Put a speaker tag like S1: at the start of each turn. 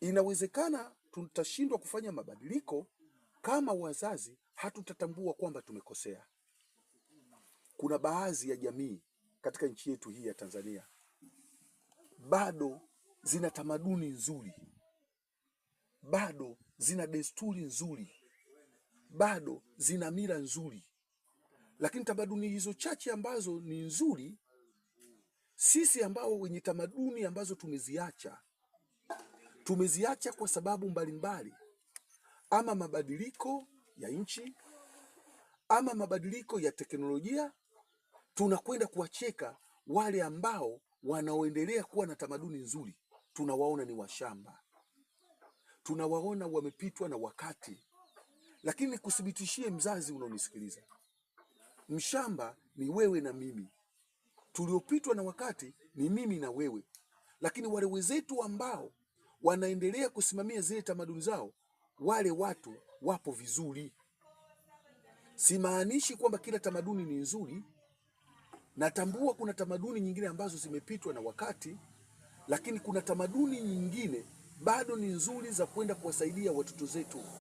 S1: Inawezekana tutashindwa kufanya mabadiliko kama wazazi hatutatambua kwamba tumekosea. Kuna baadhi ya jamii katika nchi yetu hii ya Tanzania bado zina tamaduni nzuri, bado zina desturi nzuri, bado zina mila nzuri, lakini tamaduni hizo chache ambazo ni nzuri, sisi ambao wenye tamaduni ambazo tumeziacha tumeziacha kwa sababu mbalimbali mbali. Ama mabadiliko ya nchi ama mabadiliko ya teknolojia, tunakwenda kuwacheka wale ambao wanaoendelea kuwa na tamaduni nzuri, tunawaona ni washamba, tunawaona wamepitwa na wakati. Lakini nikuthibitishie mzazi unaonisikiliza, mshamba ni wewe na mimi, tuliopitwa na wakati ni mimi na wewe, lakini wale wenzetu ambao wanaendelea kusimamia zile tamaduni zao, wale watu wapo vizuri. Simaanishi kwamba kila tamaduni ni nzuri. Natambua kuna tamaduni nyingine ambazo zimepitwa na wakati, lakini kuna tamaduni nyingine bado ni nzuri za kwenda kuwasaidia watoto zetu.